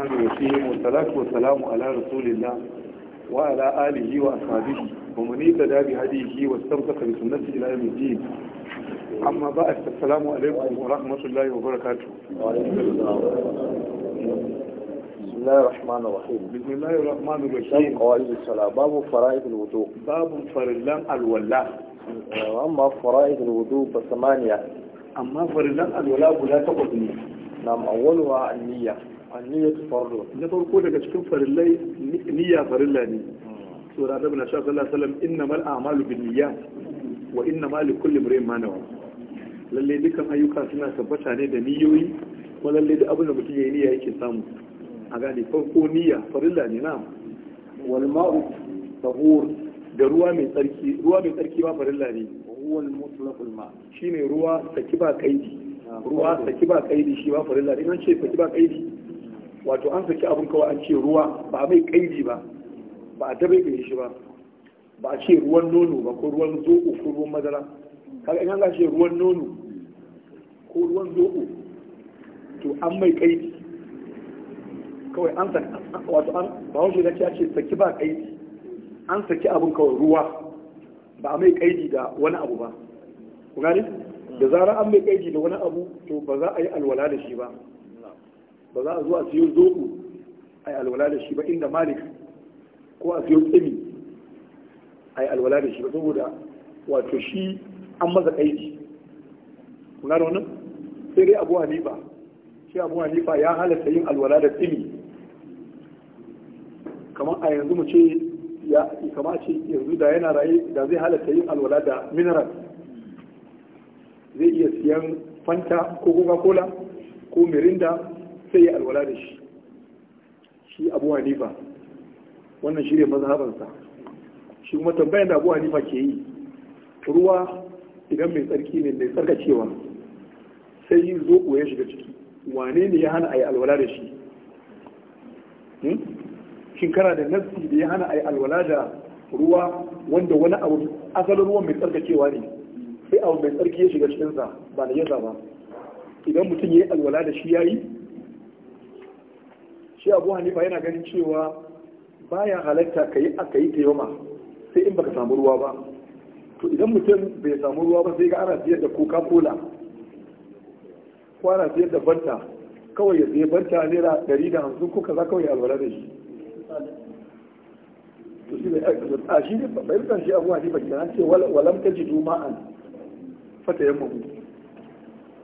الرحمن الرحيم والصلاة والسلام على رسول الله وعلى آله وأصحابه ومن اهتدى بهديه واستمسك بسنته إلى يوم الدين أما بعد السلام عليكم ورحمة الله وبركاته بسم الله الرحمن الرحيم بسم الله الرحمن الرحيم قواعد الصلاة باب فرائض الوضوء باب فرائض الولاء أما فرائض الوضوء فثمانية أما فرائض الولاء ولا تقبل نعم أولها النية anniyatu fardu na farko daga cikin farillai niyya farilla ne to hmm. da annabi sallallahu alaihi wasallam innamal a'malu binniyat wa inna innamal likulli imrin ma nawa lalle dukkan ayyuka suna tabbata ne da niyyoyi ko lalle da abin da mutum yayi niyya yake samu a gane farko niyya farilla ne na wal ma'u tahur da ruwa mai tsarki ruwa mai tsarki ba farilla ne huwa al-mutlaqul ma shine ruwa saki ba kaidi ah, ruwa saki ba kaidi shi ba farilla ne an ce saki ba kaidi wato an saki abin kawai an ce ruwa ba mai kaiji ba ba a dabe kai shi ba ba a ce ruwan nono ba ko ruwan zoɓo ko ruwan madara kaga in an ce ruwan nono ko ruwan zoɓo to an mai kaiji kawai an saki wato an ba wajen da ce saki ba kaiji an saki abin kawai ruwa ba a mai kaiji da wani abu ba ku gane da zarar an mai kaiji da wani abu to ba za a yi alwala da shi ba ba za a zo a siyo zoɓo a yi alwala da shi ba inda malik ko a siyo tsimi a yi alwala da shi ba saboda wato shi an masa aiki kuna da wani sai dai abu hanifa shi abu hanifa ya halatta yin alwala da tsimi kamar a yanzu mu ce ya kama ce yanzu da yana raye da zai halatta yin alwala da mineral zai iya siyan fanta ko coca cola ko mirinda sai ya alwala da shi shi abu hanifa wannan shi ne mazhabansa shi kuma tambayar da abu hanifa ke yi ruwa idan mai tsarki ne mai tsarkacewa sai yi zo ya shiga ciki wane ne ya hana a yi alwala da shi hmm? shin kana da nassi da ya hana a yi alwala da ruwa wanda wani abu asalin ruwan mai tsarkacewa ne sai abu mai tsarki ya shiga cikinsa ba da yasa ba idan mutum ya yi alwala da shi ya yi shi abu hanifa yana ganin cewa baya halatta ka yi aka yi taimama sai in baka samu ruwa ba to idan mutum bai samu ruwa ba sai ga ana siyar da coca cola ko ana siyar da banta kawai ya siya banta naira ɗari da hamsin ko kaza kawai alwala da shi to shi bai a shi ne bai rikon shi abu hanifa kenan ce walam ta ji duma'an fata yamma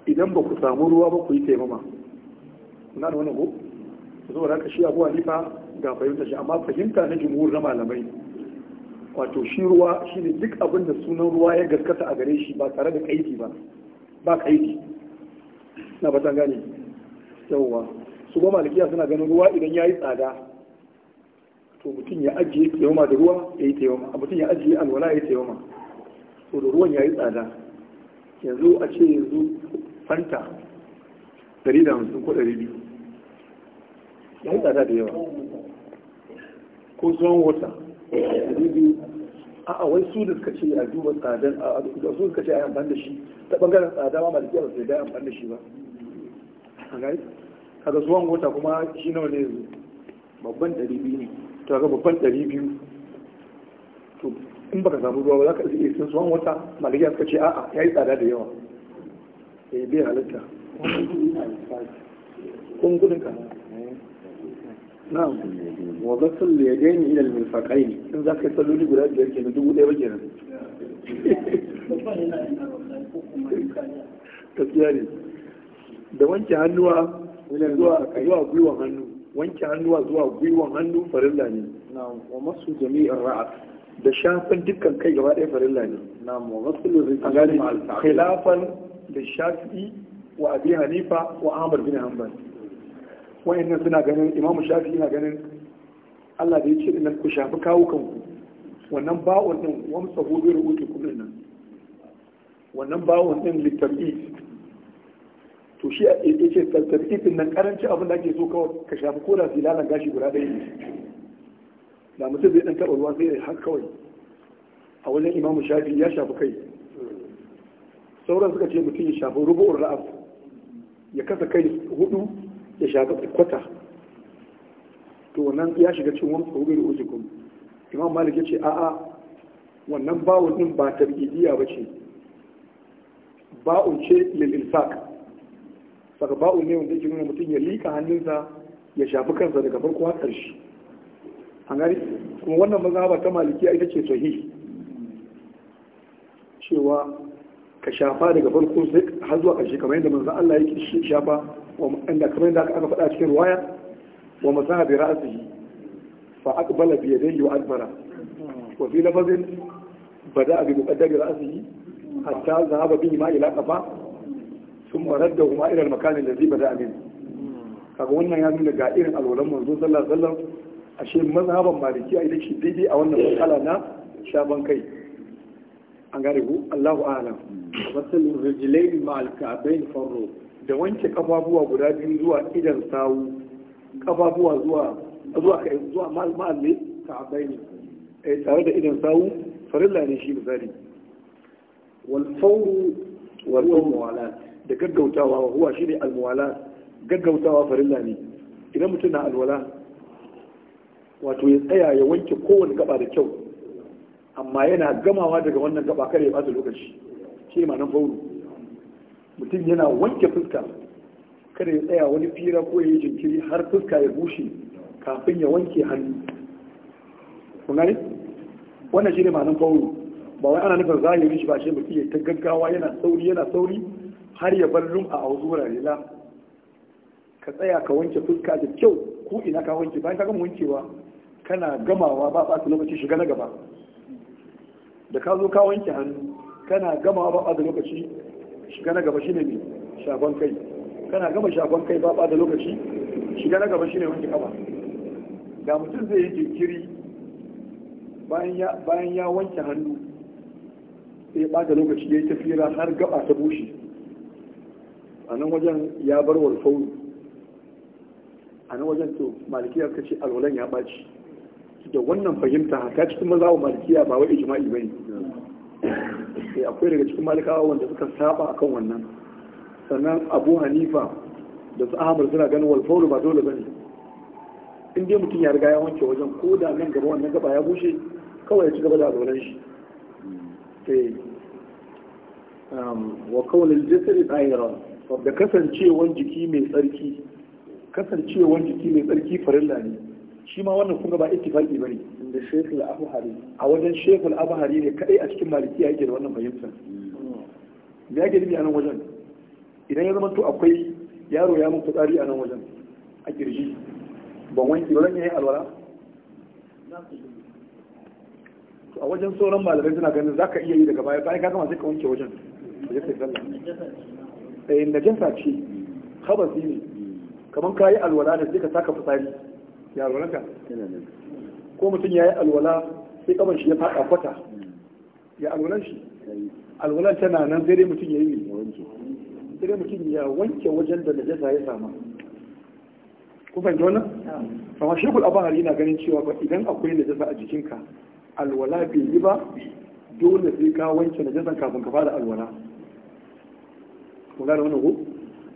idan ba ku samu ruwa ba ku yi taimama na da wani ko zo saboda haka shi abu hanifa ga fahimta shi amma fahimta na jumhur na malamai wato shi ruwa shi ne duk abin da sunan ruwa ya gaskata a gare shi ba tare da kaidi ba ba kaidi na ba ta gane yawwa su goma malikiya suna ganin ruwa idan ya yi tsada to mutum ya ajiye tayoma da ruwa ya yi tayoma a mutum ya ajiye alwala ya yi tayoma to da ruwan ya yi tsada yanzu a ce yanzu fanta 150 ko 200 ya yi tsada da yawa ko zuwan wata a wai su da suka ce a duba tsadan a su suka ce a yi amfani da shi ta bangaren tsada ma malikiya ba su da amfani da shi ba a gari kaga zuwan wata kuma shi nawa ne yanzu babban ɗari biyu ne to kaga babban ɗari biyu to in baka samu ruwa ba za ka iya sun zuwan wata malikiya suka ce a'a ya yi tsada da yawa ya eh, yi bai halitta kun gudun kana na'am wa gasul yadaini ila al-mirfaqaini in za ka salloli guda biyar kenan dubu ɗaya ba kenan gaskiya ne da wanke hannuwa zuwa gwiwan hannu wanke hannuwa zuwa gwiwan hannu farilla ne wa masu jami'in ra'as da shafin dukkan kai gaba ɗaya farilla ne a gani khilafan da shafi wa abi hanifa wa ahmad bin hanbal wa'annan suna ganin imamu shafi yana ganin Allah da ya ce nan ku shafi kawo kanku wannan bawon din tsaho hudu rubutu kuma nan wannan bawon din littafi to shi a ce tattafi din nan karanci abin da ake so kawai ka shafi ko da filalan gashi guda ɗaya ne da mutum zai ɗan taɓa ruwa sai ya har kawai a wajen imamu shafi ya shafi kai sauran suka ce mutum ya shafi rubu'ur ra'af ya kasa kai hudu ya shafi kwata to wannan ya shiga cin wani tsohon da uzukum imam malik ya ce a'a wannan bawon din ba tarbidiya ba ce ba'un ce lil ilfaq saka ba'un ne wanda yake nuna mutum ya lika hannunsa ya shafi kansa daga farko har ƙarshe an gani kuma wannan mazhaba ta malikiya ita ce sahih cewa ka shafa daga farko har zuwa ƙarshe kamar yadda manzo Allah yake shafa inda kamar yadda aka faɗa cikin ruwaya wa masaha bi ra'sihi fa aqbala bi yadayhi wa adbara wa fi lafazin bada'a bi muqaddami ra'sihi hatta zahaba bihi ma ila qafa thumma raddahuma ila al-makan alladhi bada'a min kaga wannan ya nuna ga irin alwalan manzo sallallahu alaihi wasallam ashe mazhaban maliki a ita shi daidai a wannan matsala na shaban kai an gare ku Allahu a'lam wasallu rijlain ma'al ka'bayn farru da wanke kafafuwa guda biyu zuwa idan sawu kafafuwa zuwa zuwa kai zuwa ma'alle ka'abai ne eh tare da idan sawu farilla ne shi misali wal fawru wal muwala da gaggautawa wa huwa shine al muwala gaggautawa farilla ne idan mutum na alwala wato ya tsaya ya wanke kowane gaba da kyau amma yana gamawa daga wannan gaba kare ya bata lokaci shi ma nan fawru mutum yana wanke fuska kada ya tsaya wani fira ko ya yi jinkiri har fuska ya bushe kafin ya wanke hannu kun gani wannan shine ma'anar fauru ba wai ana nufin yi shi ba shi mutum ya ta gaggawa yana sauri yana sauri har ya bar rum a wasu wurare la ka tsaya ka wanke fuska da kyau ko ina ka wanke bayan ka gama wankewa kana gamawa ba ba lokaci shiga na gaba da ka zo ka wanke hannu kana gamawa ba ba lokaci shiga na gaba shine ne shafan kai kana gama shagon kai ba da lokaci shiga na gaba shine wanke kafa da mutum zai yi jinkiri bayan ya wanke hannu sai ya bada lokaci ya yi tafira har gaba ta bushe a nan wajen ya bar walfauru a nan wajen to malikiyar ka ce alwalan ya ɓaci da wannan fahimta ta cikin maza wa malikiya ba wai ijma'i bai Eh, akwai daga cikin malikawa wanda suka saba akan wannan sannan abu hanifa da su ahamar suna ganin walfaulu ba dole bane in dai mutum ya riga ya wanke wajen ko da nan gaba wannan gaba ya bushe kawai ya ci gaba da zauren shi eh. um, wa kaunin jisiri ɗayira da kasancewan jiki mai tsarki kasancewan jiki mai tsarki farilla ne shi ma wannan kuma ba ittifaqi bane inda Sheikh al-Abhari a wajen Sheikh al-Abhari ne kadai a cikin maliki yake da wannan fahimtar hmm. me yake nufi a nan wajen idan ya zama to akwai yaro ya mun fitsari a nan wajen a kirji ban wanke ba zan yi alwala to a wajen sauran malamai suna ganin za ka iya yi daga baya bayan ka gama sai ka wanke wajen da ya sai sallah eh najasa ce khabasi ne kamar ka yi alwala da sai ka saka fitsari ya alwalanka ko mutum ya yi alwala sai kaban shi ya faɗa kwata ya alwalan shi alwalan tana nan zai dai mutum ya yi sai dai mutum ya wanke wajen da najasa ya sama kun fahimta wannan amma shekul abahari yana ganin cewa ba idan akwai najasa a jikinka alwala bai yi ba dole sai ka wanke najasan kafin ka fara alwala kun gane wannan ko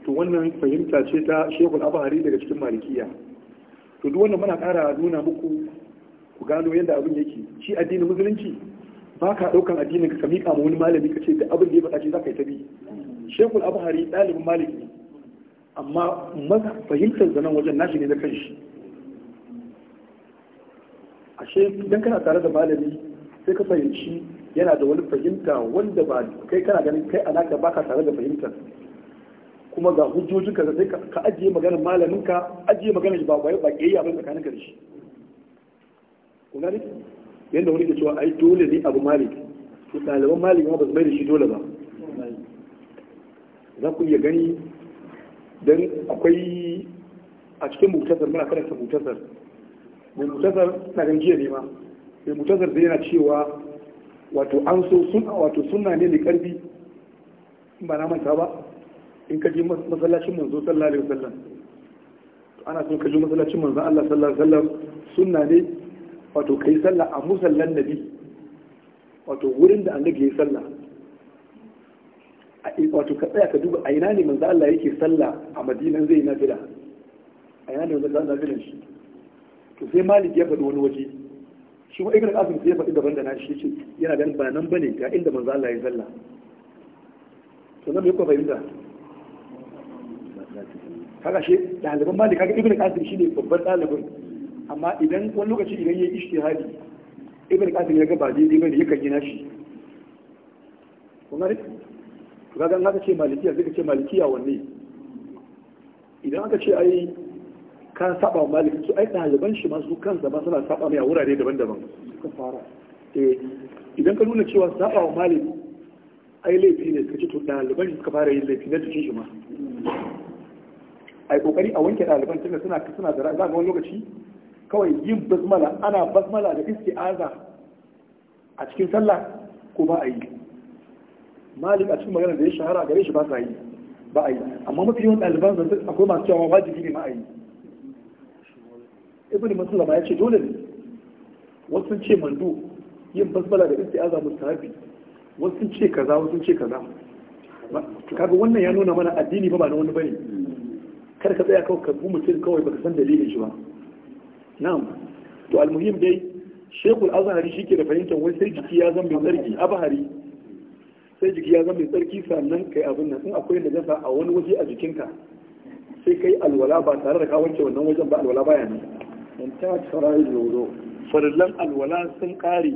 to wannan fahimta ce ta shekul abahari daga cikin malikiya to duk wannan muna ƙara nuna muku ku gano yadda abin yake shi addinin musulunci ba ka ɗaukan addinin ka miƙa ma wani malami ka ce da abin da ya faɗa shi za ka yi ta bi shekul abuhari ɗalibin dalibin ne amma fahimtar zanen wajen nashi ne da kanshi ashe idan kana tare da malami sai ka fahimci yana da wani fahimta wanda ba kai kana ganin kai alaka ba ka tare da fahimtar kuma ga hujjojin ka sai ka ajiye magana malamin ka ajiye magana ba ba ba kiyayya ba tsakanin ka da shi kun yanda wani ke cewa ai dole ne abu malik to ɗaliban malik ma ba su mai da shi dole ba za ku iya gani don akwai a cikin mutasar muna karanta mutasar mai mutasar na jiya ne ma mai mutasar zai yana cewa wato an so suna wato suna ne mai karfi ba na manta ba in ka je masallacin manzo sallallahu alaihi wasallam ana son ka je masallacin manzo Allah sallallahu alaihi wasallam sunna ne wato kai sallah a musallan nabi wato wurin da annabi yayi sallah eh, wato ka tsaya ka duba a ina ne manzo Allah yake sallah a Madinan zai na nafila a ina ne manzo Allah nafilan shi to sai Malik ya faɗi wani waje shi ma Ibn Qasim sai ya faɗi daban da na shi ce yana ganin ba nan bane ga inda manzo Allah ya sallah to nan me ku fahimta kaga shi ɗaliban malik kaga ibn qasim shine babban ɗalibin amma idan wani lokaci idan yayi ijtihadi ibn qasim ya ga ba dai bane yakan gina shi kuma rik kaga an haka ce malikiya zai ce malikiya wanne idan aka ce ai ka saba malik to ai ɗaliban shi su kansa ba suna saba mai a wurare daban-daban suka fara eh idan ka nuna cewa saba wa malik ai laifi ne suka ce to ɗaliban suka fara yin laifi na cikin shi ma a yi kokari a wanke ɗaliban tunda suna suna da za ga wani lokaci kawai yin basmala ana basmala da aza a cikin sallah ko ba a yi malik a cikin magana da ya shahara gare shi ba sa yi ba a yi amma mafi yawan ɗaliban zan akwai masu cewa wajibi ne ma a yi ibn maslama ya ce dole ne wasu sun ce mandu yin basmala da aza mustahabi wasu sun ce kaza wasu sun ce kaza kaga wannan ya nuna mana addini ba ba na wani bane kar ka tsaya kawai ka bi mutum kawai baka san dalilin shi ba na'am to almuhim dai shekul azhari shi ke da fahimtar wai sai jiki ya zama mai tsarki abahari sai jiki ya zama mai tsarki sannan kai abin nan in akwai najasa a wani waje a jikinka sai kai alwala ba tare da ka wanke wannan wajen ba alwala baya ne in ta tsarayi da wuzo farillan alwala sun kare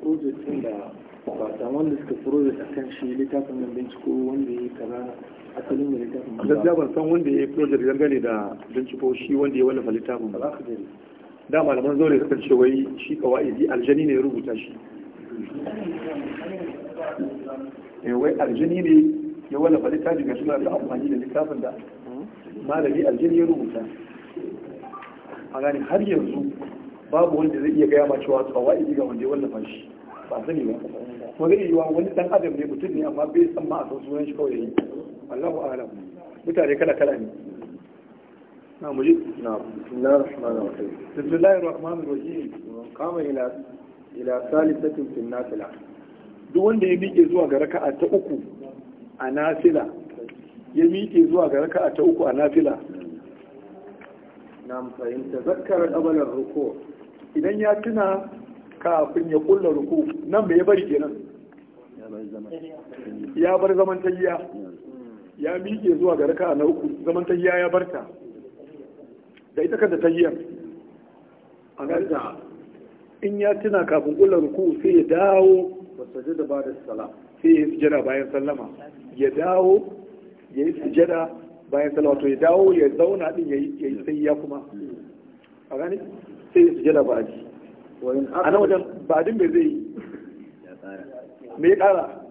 project da ba ta wanda suka project akan shi littafin nan binciko wanda ya yi kaza gaskiya ban san wanda ya yi project dangane da binciko shi wanda ya wallafa littafin ba da malaman zaure suka ce wai shi kawai aljani ne ya rubuta shi eh, wai Aljani ne ya wallafa falita ga suna da amfani da littafin da malami Aljani ya rubuta a gani har yanzu babu wanda zai iya gaya ma cewa tsawai ga wanda ya wallafa shi ba sani ba kuma zai yi wa wani dan adam ne mutum ne amma bai san ma a san shi kawai ya yi Allahu a'lam mutane kala kala ne na muji na bismillahir rahmanir rahim bismillahir rahmanir rahim kama ila ila salisatin fil nafila duk wanda ya miƙe zuwa ga raka'a ta uku a nafila ya miƙe zuwa ga raka'a ta uku a nafila nam fahimta zakkara abalar ruku idan ya tuna kafin ya kulla ruku nan bai bari kenan ya bar zaman tayya ya miƙe zuwa ga raka'a na uku zaman tahiyya ya barta da ita kanta tahiyyar a ganta in ya tuna kafin kula ku sai ya dawo wasu da ba da sala sai ya sujada bayan sallama ya dawo ya yi sujada bayan sallama to ya dawo ya zauna din ya yi sai ya kuma a gani sai ya sujada ba ji a nan wajen ba din bai zai yi me ya kara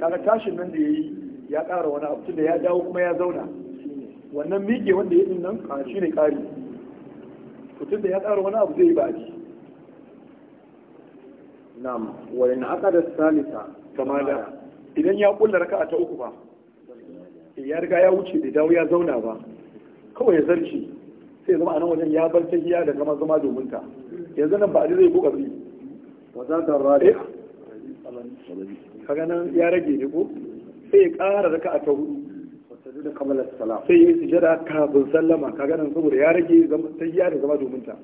kaga tashin nan da yayi ya ƙara wani abu tunda ya dawo kuma ya zauna wannan miƙe wanda ya din nan shi ne ƙari tunda ya ƙara wani abu zai yi ba'adi na'am wa in aqada salisa kama da idan ya kulla a ta uku ba eh, ya riga ya wuce bai dawo ya zauna ba kawai ya zarce sai zama anan wajen ya bar tahiya da zama zama domin ta yanzu nan ba'adi zai buƙa bi wa zata rabi'a eh. kaga nan ya rage ne ko sai ya ƙara raka a ta hudu sai ya yi jada kafin sallama kaga nan saboda ya rage ta ya yada zama domin ta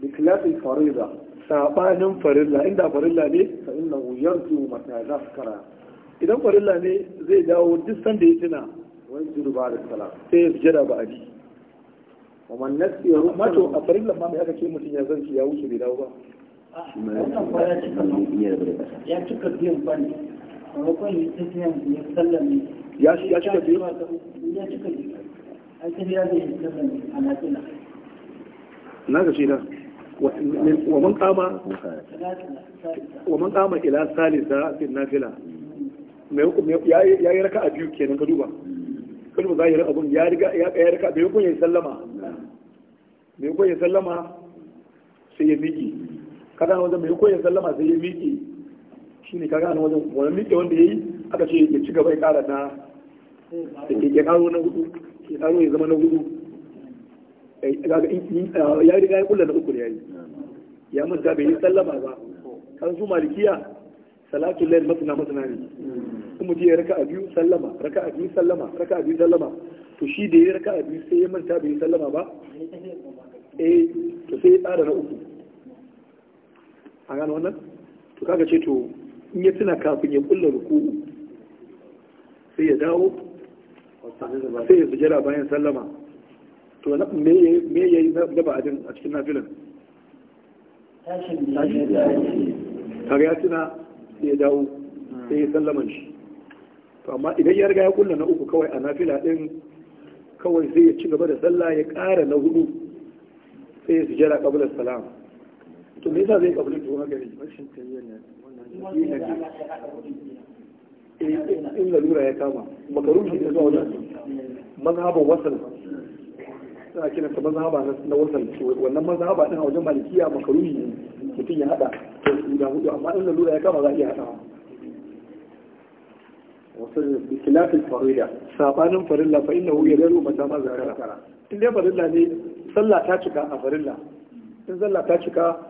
bikilafin farilla sabanin farilla inda farilla ne fa wuyar su mata kara idan farilla ne zai dawo duk sanda ya tuna wani ba da sala sai ya jada ba a ji wa man nasiya rumato a farilla ma mai aka ce mutum ya zanci ya wuce bai dawo ba ya cika biyan ba ne ya ya sallame ya cika biyu ya cika biyu ta na ga shi da ya yi raka a biyu kenan ka duba ya ya ya bai ya sallama sai ya miki kaga na wajen mai ko ya sallama sai ya miƙe shi ne kaga na wajen wani miƙe wanda ya yi aka ce ya ci gaba ya ƙara na ke ƙaro na hudu ya ƙaro ya zama na hudu eh, eh, ya riga ya kula na uku ya yi ya manta bai yi sallama ba kan su malikiya salatul layl masna masna ne kuma je raka biyu sallama raka biyu sallama raka biyu sallama to shi da ya raka biyu sai ya manta bai yi sallama ba eh to sai ya tsara na uku a gano wannan to kaga ce to in ya tuna kafin ya kulla ruku sai ya dawo sai ya jira bayan sallama to me ya yi na ba'adin a cikin nafilin kaga ya tuna sai ya dawo sai ya sallaman shi to amma idan ya riga ya kulla na uku kawai a nafila din kawai sai ya ci gaba da sallah ya kara na hudu sai ya sujada kabilar salam to me za zai kabulin tuwa gari rashin tayyar ne wannan shi ne eh, in lalura ya kama makarun shi ne zuwa mazhaban wasan suna kiran ta mazhaba na wasan wannan mazhaba din a wajen malikiya makarun shi mutum ya hada da hudu amma in lura ya kama za a iya hada wasu bikilafin faruwa. sabanin farilla fa inna huwa yadaru mata ma zakara in dai farilla ne sallah ta cika a farilla in sallah ta cika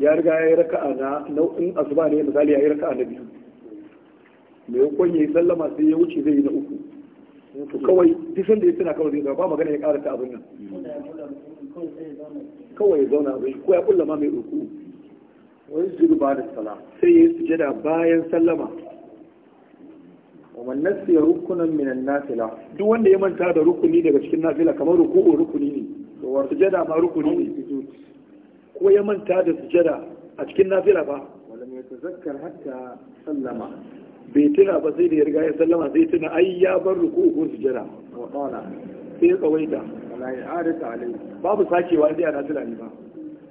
ya riga ya yi raka'a na nau'in asuba ne misali ya yi raka'a na biyu mai hukun ya yi sallama sai ya wuce zai yi na uku kawai duk sanda ya tuna kawai zai ba magana ya kara ta abin nan kawai ya zauna abin ko ya kulla ma mai uku wani zuru ba da sala sai ya yi sujada bayan sallama ومن ya rukunan minan nafila duk wanda ya manta da rukuni daga cikin nafila kamar ruku'u rukuni ne to sujada ma rukuni ne ko ya manta da sujada a cikin nafila ba walam yatazakkar hatta sallama bai tuna ba sai da ya riga ya sallama sai tuna ai ya bar ruku ko sujada wa qala sai ya kawaita. wala i'adatu alayhi babu sakewa dai a nafila ne ba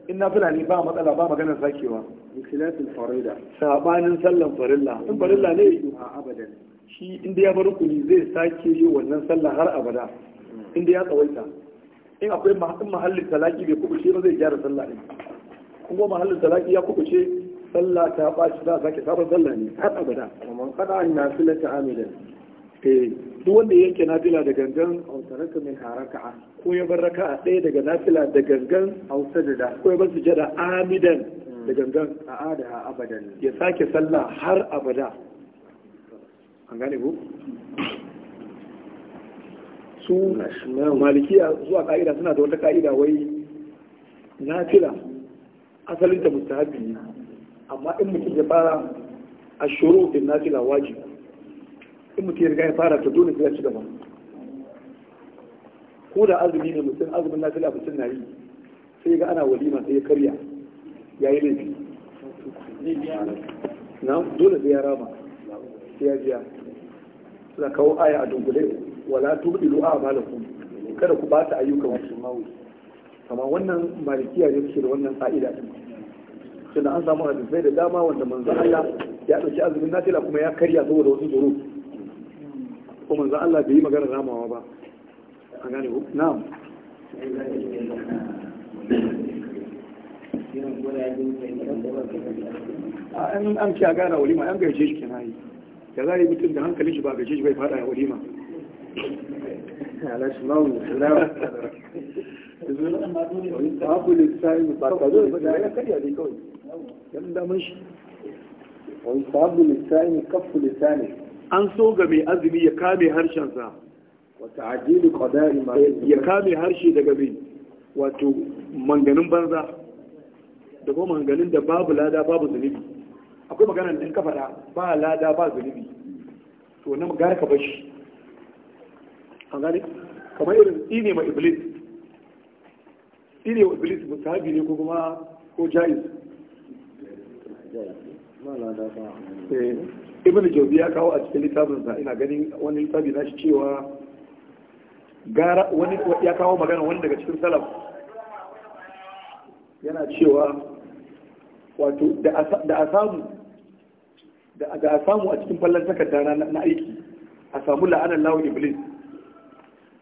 in nafila ne ba matsala ba maganar sakewa bikhilatil farida sabanin sallan farilla in farilla ne a abadan shi inda ya bar rukuni zai sake yi wannan sallah har abada hmm. inda ya kawaita. in akwai mahallin talaki bai kubuce ba zai gyara sallah ne kuma mahallin talaki ya kubuce sallah ta ɓaci za a sake sabon sallah ne har abada amma kada an na fila ta amilan eh duk wanda yake nafila da gangan aw min min haraka'a ko ya bar raka'a ɗaya daga nafila da gangan aw da ko ya bar sujada amidan hmm. da gangan a ada abadan ya sake sallah har abada an gane ko su malikiya zuwa ka'ida suna da wata ka'ida wai nafila asalin ta mustahabi ne amma in mutum ya fara a shuru din nafila wajib in mutum ya riga ya fara ta dole zai ci gaba ko da azumi ne mutum azumin nafila mutum na yi sai ga ana walima sai ya karya ya yi laifi na dole sai ya rama sai ya jiya za kawo aya a dunkule wala tubdilu a'malakum kada ku bata ayyukan mawu. amma wannan malikiya ne suke da wannan fa'ida din tunda an samu hadisai da dama wanda manzo Allah ya dauki azumin nafila kuma ya karya saboda wasu tsoro ko manzo Allah bai yi magana ramawa ba an gane ku na'am an an ci a gana walima an gaishe shi kenan ya zai mutum da hankalin shi ba gaishe shi bai fada a walima علاش an so ga mai azumi ya kame harshensa wata ajiyar kwadari ya kame harshe daga mai wato manganin banza da kuma manganin da babu lada babu zunubi akwai maganar da in da ba lada ba zunubi to na magana ka bashi an gane kamar irin tsine ma iblis tsine wa iblis musahabi ne ko kuma ko jayis, eh, ibn jauzi ya kawo a cikin littafin sa ina ganin wani littafi na shi cewa gara wani ya kawo magana wani daga cikin salaf yana cewa wato da a samu da a samu a cikin fallon takarda na aiki a samu la'anar lawon iblis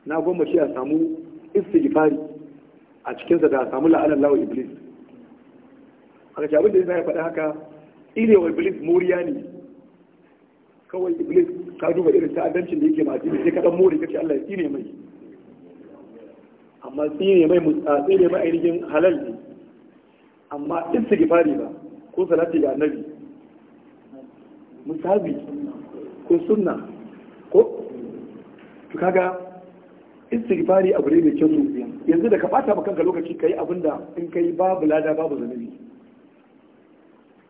na shi a samu istighfari a cikinsa da a samu la'anar lawa iblis a ga abin da yi faɗa haka ilewa iblis moriya ne kawai iblis ka duba irin ta'addancin da yake ma addini sai ka dan more kace Allah ya tsine mai amma tsine mai tsine mai ainihin halal ne amma istighfari ba ko salati ga annabi musabi ko sunna ko to kaga istighfari abu ne mai kyau yanzu da ka bata ba kanka lokaci kai abin da in kai babu lada babu zanubi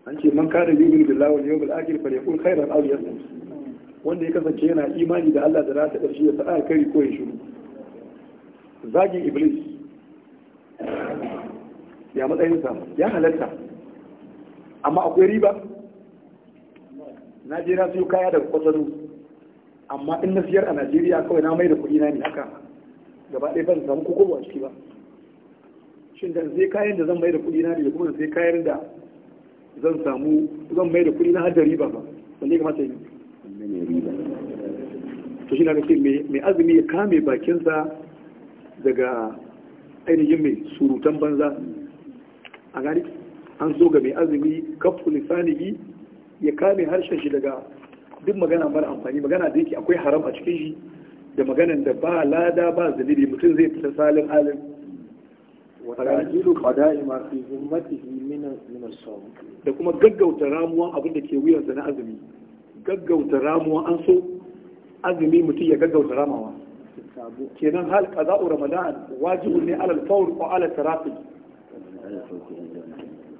an ce man da yu'minu billahi wal yawmil akhir falyaqul khairan aw yasmut wanda ya kasance yana imani da Allah da za ta ƙarshe ya faɗa alkhairi ko ya shiru zagin iblis ya matsayinsa ya halatta amma akwai riba najeriya su kaya daga kwatano amma in na siyar a najeriya kawai na mai da kuɗi na ne haka gaba ɗaya ban samu kokobo a ciki ba shin dan sai kayan da zan mai da kuɗi na da kuma sai kayan da zan samu zan mai da kuɗi na hadari ba riba ba wanda ya kamata yi to shi na ga mai azumi ya kame bakinsa daga ainihin mai surutan banza a gani an so ga mai azumi kafin lisanihi ya kame harshen shi daga duk magana mara amfani magana da yake akwai haram a cikin shi da maganan da ba lada ba zunubi mutum zai fita salin halin watajilu qada'i ma fi zimmatihi min min as da kuma gaggauta ramuwan abin da ke wuyansa na azumi gaggauta ramuwan an so azumi mutum ya gaggauta ramawa kenan hal qada'u ramadan wajibu ne alal fawr ko alal tarafi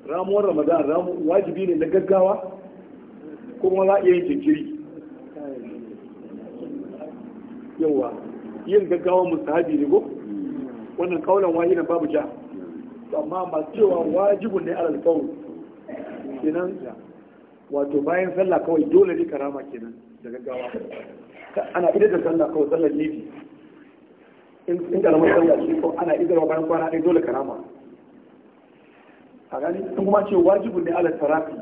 ramuwar ramadan ramu wajibi ne na gaggawa kuma za a iya yin jinkiri yawa yin gaggawa mustahabi ne ko wannan kaulan na babu ja amma masu cewa wajibun ne alal qawl kenan wato bayan sallah kawai dole ne karama kenan da gaggawa ana idar da sallah kawai sallar lifi in karamar sallah shi ko ana idarwa bayan kwana ɗaya dole karama a gani sun kuma ce wajibun ne ala tarafi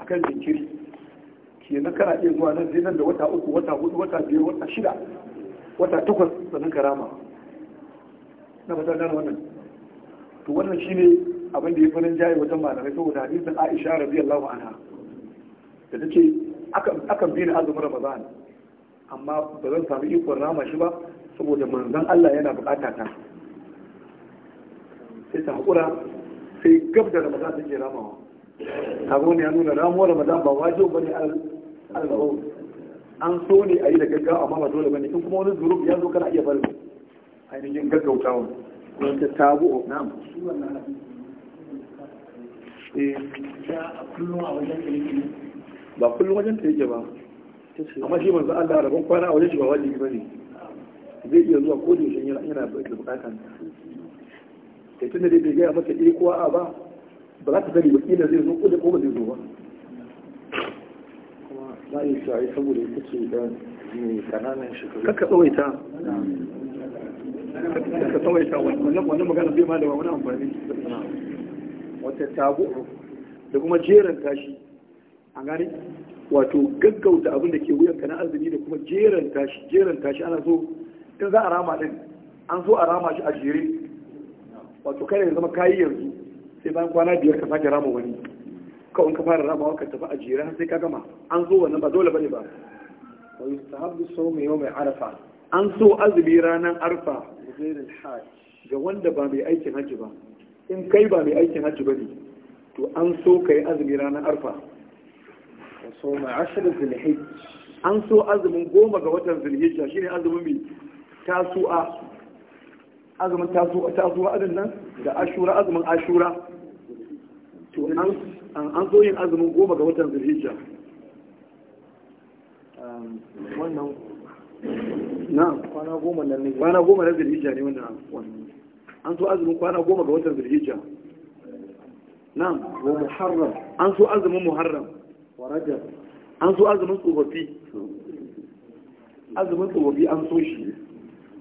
akan jinkiri ke na kana iya zuwa nan zai nan da wata uku wata hudu wata biyu wata shida wata takwas sannan karama na ba gane wannan to wannan ne abin da ya fara jaye wajen malamai saboda hadisin Aisha radiyallahu anha da ta ce akan bi ni azumin Ramadan amma ba zan samu ikon rama shi ba saboda manzan Allah yana bukata ta sai ta haƙura sai gab da Ramadan take ramawa kaga ne ya nuna ramuwar Ramadan ba wajen bane al-bawul an so ne a yi da gaggawa amma ba dole bane in kuma wani zurub ya zo kana iya barin ainihin gaggautawa wanda tabu na'am eh, ba kullum wajen ta yake ba amma shi manzo Allah rabon kwana a wajen shi ba wajibi bane zai iya zuwa ko da yana yana da bukatan ta tunda dai bai gaya maka eh ko a ba ba za ta sani ba zai zo ko da ko ba zai zo ba ba yi saboda ita ce dan mai kananan shekaru kakka tsawaita kakka tsawaita wannan magana bai ma da wani amfani wata tabu da kuma jeran tashi an gane wato gaggauta abin da ke wuyanka na azumi da kuma jeran tashi jeran tashi ana so in za a rama din an so a rama shi a jere wato kada ya zama kayi yanzu sai bayan kwana biyar ka sake rama wani kawai ka fara rama ka tafi a jira har sai ka gama an zo wannan ba dole bane ba so mai yau mai arfa? an so azumi ranar arfa ga wanda ba mai aikin hajji ba in kai ba mai aikin hajji ba ne to an so ka yi azumi ranar arfa so mai ashirin zulhijj an so azumin goma ga watan zulhijja shi ne azumin mai tasu'a azumin tasu'a tasu'a adin nan da ashura azumin ashura to an zo yin azumin goma ga watan zulhijja um, wannan na kwana goma nan ne kwana goma na zulhijja ne wannan an zo azumin kwana goma ga watan zulhijja na wa muharram an zo azumin muharram wa rajab an zo azumin tsofaffi azumin tsofaffi an so shi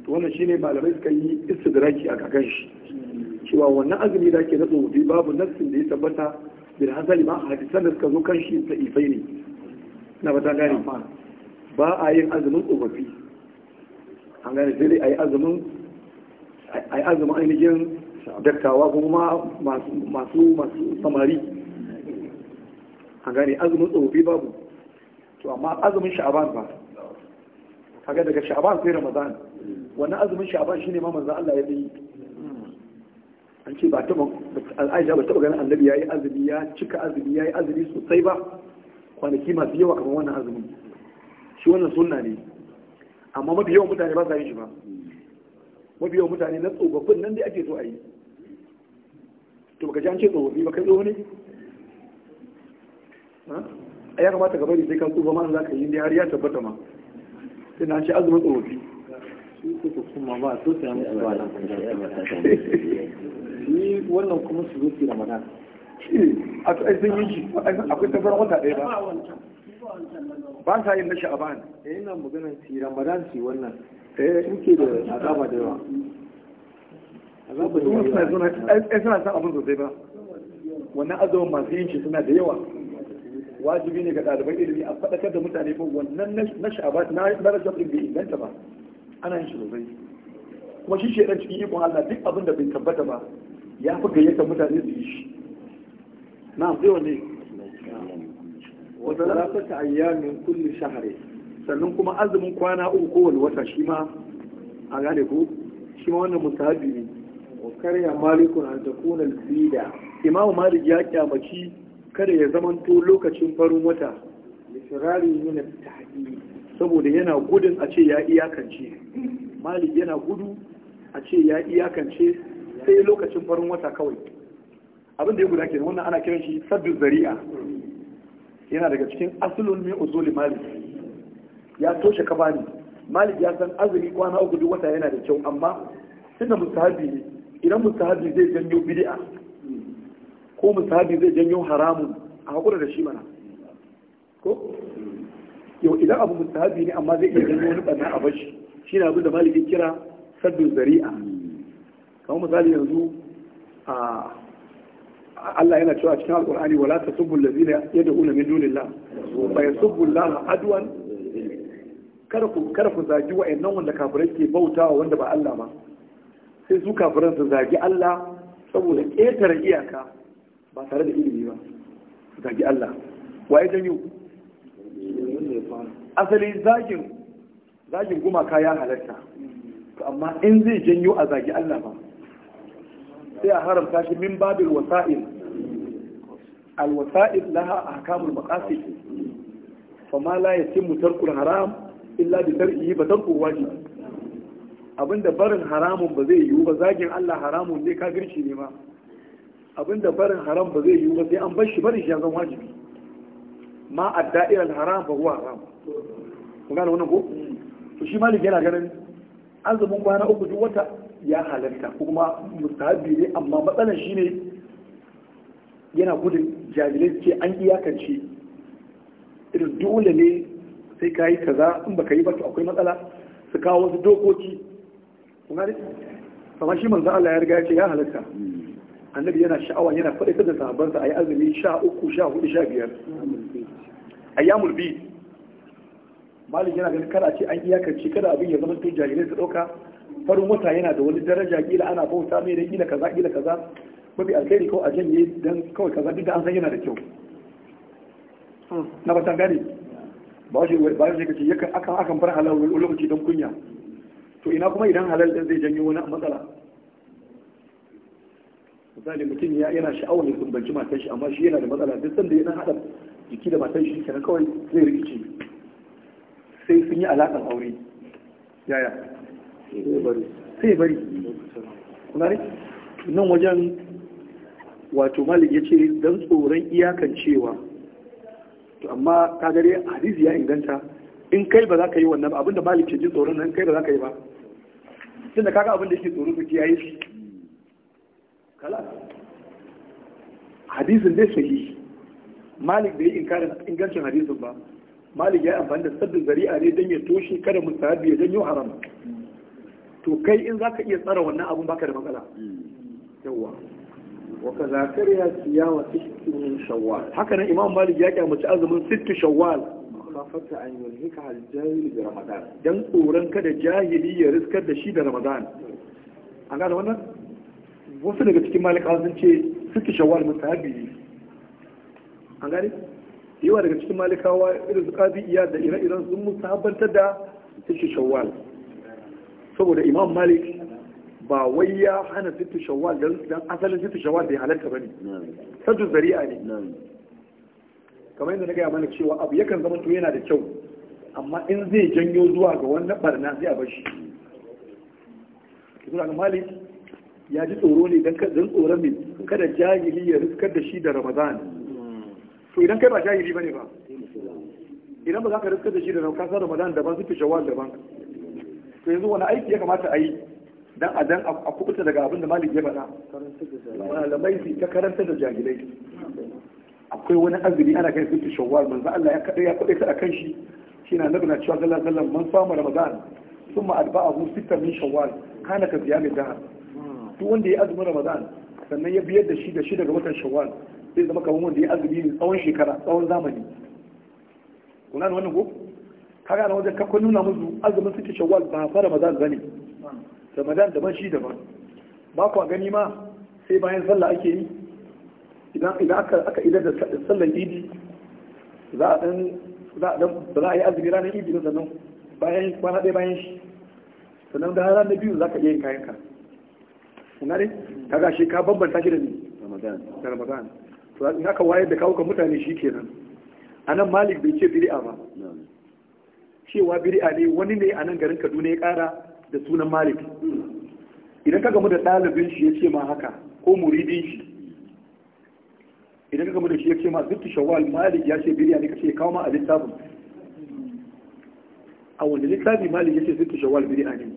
to wannan shine malamai suka yi istidraki a kakan shi cewa wannan azumi da ke na tsohudi babu nassin da ya tabbata bil hasali ma hadisan da suka zo kan shi ta ifai ne na ba ta gane ba a yin azumin tsofaffi an gane sai dai a yi azumin a yi azumin ainihin dattawa kuma masu masu samari an gane azumin tsofaffi babu to amma azumin sha'aban ba kaga daga sha'aban sai ramadan wannan azumin sha'aban shine ma manzo Allah ya yi an ce ba taba Aisha ba taba ganin annabi yayi azumi ya cika azumi yayi azumi sosai ba kwanaki masu yawa kamar wannan azumi shi wannan sunna ne amma mafi yawan mutane ba sa yin shi ba mafi yawan mutane na tsofaffin nan dai ake so a yi to baka ji an ce tsofaffi ba kai tsoho ne a ya kamata ka bari sai ka tsufa ma za ka yi dai har ya tabbata ma sai na ce azumin tsofaffi yi wannan kuma su zo su ramadan a to ai yi shi akwai tabar wata ɗaya ba ba ta yin na sha'aban da eh, Ina maganar su ramadan su wannan eh in da azaba da yawa azabar da yawa ai suna san abin sosai ba wannan azabar masu yin shi suna da yawa wajibi ne ga ɗaliban ilimi a faɗakar da mutane ba wannan na sha'aba na darajar ɗin bai inganta ba ana yin shi sosai kuma shi ɗan cikin ikon Allah duk abin da bai tabbata ba ya fi gayyata mutane su yi shi na sai wanne wata ta ayyamin kulli shahari sannan kuma azumin kwana uku kowane wata shi ma a gane ko shi ma wannan musahabi ne wa karya malikun an ta kuna bida imamu malik ya kyamaci kada ya zamanto lokacin farin wata lisirari min at-tahdid saboda yana gudun a ce ya iyakance malik yana gudu a ce ya iyakance sai lokacin farin wata kawai abin da ya guda ke wannan ana kiran shi sabbin zari'a yana daga cikin asulun mai uzuli malik ya toshe kabani malik ya san azumi kwana uku duk wata yana da kyau amma tunda mustahabi ne idan mustahabi zai janyo bid'a ko mustahabi zai janyo haramun a hakura da shi mana ko yau idan abu mustahabi ne amma zai iya janyo wani banna a bashi shi na abin da malik ya kira sabbin zari'a kamar misali yanzu a Allah yana cewa cikin alkur'ani wala tasubbu allazina yad'una min dunillah fa yasubbu Allah adwan kada ku kada ku zagi wa'annan wanda kafirai ke bautawa wanda ba Allah ba sai su kafirai su zagi Allah saboda ƙetare iyaka ba tare da ilimi ba su zagi Allah waye janyo asali zagin zagin gumaka ya halarta amma in zai janyo a zagi Allah ba sai a haramta shi min babin wasa'il alwasa'il laha ahkamul maqasid fa ma la yatimmu tarkul haram illa bi tarkihi ba tarku wajib abinda barin haramun ba zai yiwu ba zagin Allah haramun ne ka kafirci ne ma abinda barin haram ba zai yiwu ba sai an bar shi barin shi ya zan wajibi ma adda'ir al-haram ba huwa haram kun gane wannan ko to shi malik yana ganin azumin kwana uku duk wata ya halarta ko kuma mustahabi ne amma matsalar shi ne yana gudun jami'ai ce an iyakance irin dole ne sai ka yi kaza in baka yi ba to akwai matsala su kawo wasu dokoki kuma ne kama shi manzo Allah ya riga ya ce ya halarta annabi yana sha'awa yana faɗi da a ayi azumi sha uku sha hudu sha biyar ayyamul bi malik yana ganin kada ce an iyakance kada abin ya zama to jahilai su ɗauka farin wata yana da wani daraja kila ana bauta mai da kila kaza kila kaza mafi alkhairi ko a janye dan kawai kaza duk da an san yana da kyau na ba gane ba shi ba shi kace yakan akan akan bar halal wani lokaci don kunya to ina kuma idan halal din zai janyo wani matsala misali mutum ya yana sha'awar ya sumbanci matar shi amma shi yana da matsala duk sanda yana hada jiki da matar shi kenan kawai zai rikice sai sun yi alaƙar aure yaya sai bari kuna nan wajen wato malik ya ce don tsoron iyakan cewa to amma ka gare hadisi ya inganta in kai ba za ka yi wannan ba abinda malik ke jin tsoron nan kai ba za ka yi ba da kaga abinda ke tsoron suke yayi shi kala hadisin dai sahihi malik bai inkarin ingancin hadisin ba malik ya amfani da sabbin zari'a ne don ya toshe kada musahabi ya janyo haram to kai in zaka iya tsara wannan abun baka da matsala yawa wa kaza siya wa tiskin shawwal haka nan imam malik ya kyamaci azumin sittu shawwal mafata an yulhika aljahil bi ramadan dan tsoron kada jahili ya riskar da shi da ramadan an gane wannan wasu daga cikin malika sun ce sittu shawwal mutabi an gane yawa daga cikin malikawa irin su qadi iyad da ire-iren sun mustahabbantar da sittu shawwal saboda imam malik ba wai ya hana sittu shawwal dan asalin sittu shawwal bai halarta bane sadu zari'a ne kamar yadda na gaya mana cewa abu yakan zama to yana da kyau amma in zai janyo zuwa ga wani barna sai a bar shi kuma malik ya ji tsoro ne dan kada tsoron ne kada jahili ya riskar da shi da ramadan to idan kai ba jahili bane ba idan ba za ka riskar da shi da ramadan daban sittu shawwal daban to yanzu wani aiki ya kamata a yi dan a dan a kubuta daga abin da malik ya faɗa malamai su ta karanta da jahilai akwai wani azumi ana kai sun shawwal manzo Allah ya kaɗai ya kuɗe ta akan shi shine annabi na cewa sallallahu alaihi wasallam man fama ramadan thumma atba'ahu sittan min shawwal kana ka mai da duk wanda ya azumi ramadan sannan ya biyar da shi da shi daga watan shawwal zai zama kamar wanda ya azumi tsawon shekara tsawon zamani kuna wannan ko kaga na wajen kakon nuna musu azumin suke shawwal ba fa ramadan bane ramadan daban shi daban ba kwa gani ma sai bayan sallah ake yi idan idan aka aka idan da sallar idi za a dan za a dan ba za a yi azumi ranar idi na sannan bayan kwana ɗaya bayan shi sannan da ranar biyu za ka iya yin kayan ka ne ka shi ka bambanta shi da ni ramadan da ramadan to in aka wayar da kawo mutane shi kenan anan malik bai ce bid'a ba cewa bid'a ne wani ne a nan garin Kaduna ya kara da sunan Malik idan ka gamu da ɗalibin shi ya ce ma haka ko muridin shi idan ka gamu da shi ya ce ma zuttu shawwal Malik ya ce bid'a ne kace kawo ma a littafin a wani littafi Malik ya ce zuttu shawwal bid'a ne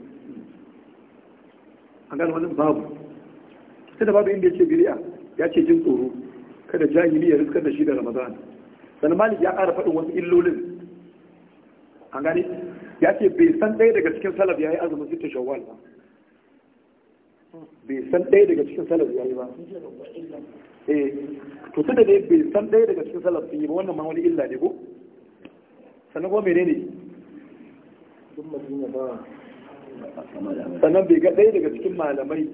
an gane wannan babu sai da babu inda ya ce bid'a ya ce jin tsoro kada jahiliya ya riskar da shi da Ramadan sannan Malik ya ƙara faɗin wasu illolin an gane ya ce bai san ɗaya daga cikin salaf ya yi azumin sita shawwal ba bai san ɗaya daga cikin salaf ya yi ba eh to tunda dai bai san ɗaya daga cikin salaf sun yi ba wannan ma wani illa ne ko sannan kuma menene sannan bai ga ɗaya daga cikin malamai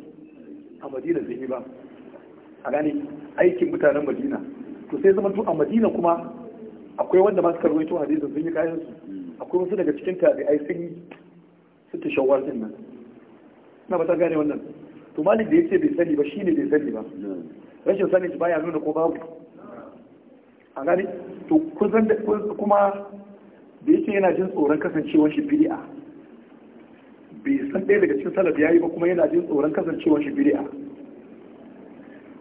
a madina sun yi ba a gane aikin mutanen madina to sai zama a madina kuma akwai wanda ba su karwaito hadisin sun yi kayan su akwai wasu daga cikin ai sun su ta shawar din nan na bata gane wannan to malik da ya ce bai sani ba shi ne bai sani ba rashin sani shi baya nuna ko babu a gani? to kusan kuma da yake yana jin tsoron kasancewar shi bid'a bai san ɗaya daga cikin salaf yayi ba kuma yana jin tsoron kasancewar shi bid'a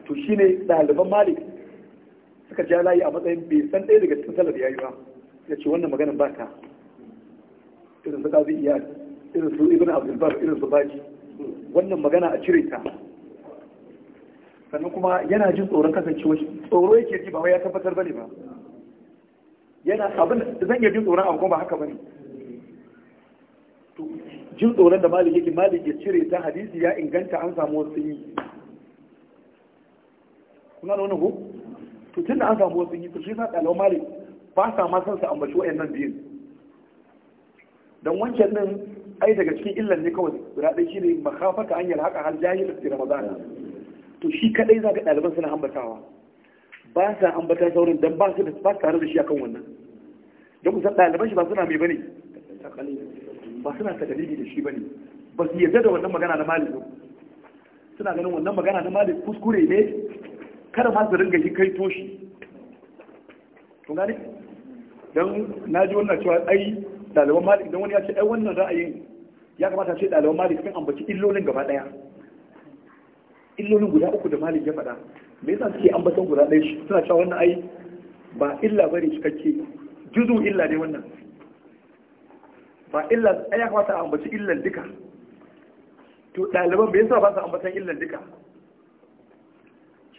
to shine ɗaliban malik suka ja layi a matsayin bai san ɗaya daga cikin salaf yayi ba ya ce wannan maganin ba ta irin su ƙazi iya irin su ibn abdulbar irin su baki wannan magana a cire ta sannan kuma yana jin tsoron kasancewa tsoro yake ji ba wai ya tabbatar bane ba yana abin zan iya jin tsoron abu ba haka bane jin tsoron da malik yake malik ya cire ta hadisi ya inganta an samu wasu yi kuna da wani ko to tun da an samu wasu yi to shi sa ɗalau malik ba sa ma son su ambaci wa'annan biyu don wancan nan, ai daga cikin illan ne kawai guda ɗaya shine makafata hanyar haka har jahil fi ramadana to shi kadai zaka ɗaliban suna ambatawa ba sa ambata saurin don ba su da ba tare da shi akan wannan don kusan ɗaliban shi ba suna mai bane ba suna takalibi da shi bane ba su yarda da wannan magana na malik suna ganin wannan magana na malik kuskure ne kada ma su ringa yi kai toshi to na ji wannan cewa ai ɗaliban malik don wani ya ce ai wannan ra'ayin ya kamata ce ɗaliban malik sun ambaci illolin gaba ɗaya illolin guda uku da malik ya faɗa me yasa suke ambaton guda ɗaya shi suna cewa wannan ai ba illa bane cikakke juzu illa ne wannan ba illa ai ya kamata a ambaci illan duka to ɗaliban me yasa ba su ambatan illan duka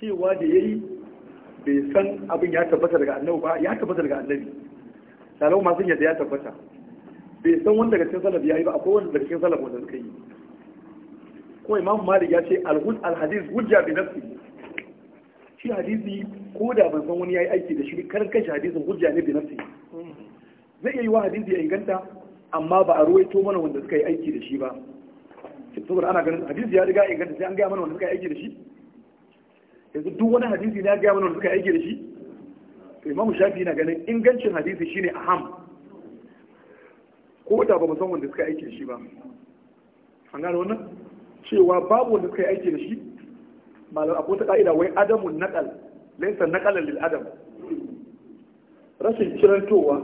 cewa da yayi bai san abin ya tabbata daga annabi ba ya tabbata daga annabi ɗaliban masu yadda ya tabbata bai san wanda daga cikin salaf yayi ba akwai wanda daga cikin salaf wanda suka yi ko imam malik ya ce al-hud al-hadith hujja bi nafsi shi hadisi ko da ban san wani yayi aiki da shi karan kanshi hadisin hujja ne bi nafsi zai iya yi wa hadisi ya inganta amma ba a ruwaito mana wanda suka yi aiki da shi ba saboda ana ganin hadisi ya riga inganta sai an gaya mana wanda suka yi aiki da shi yanzu duk wani hadisi ne ya gaya mana wanda suka yi aiki da shi Imam shafi na ganin ingancin hadisi shine aham ko da ba mu san wanda suka aiki da shi ba an gane wannan cewa babu wanda suka aiki da shi malam abota ta ka'ida wai adamun naƙal laisa naƙalar lil adam rashin cirantowa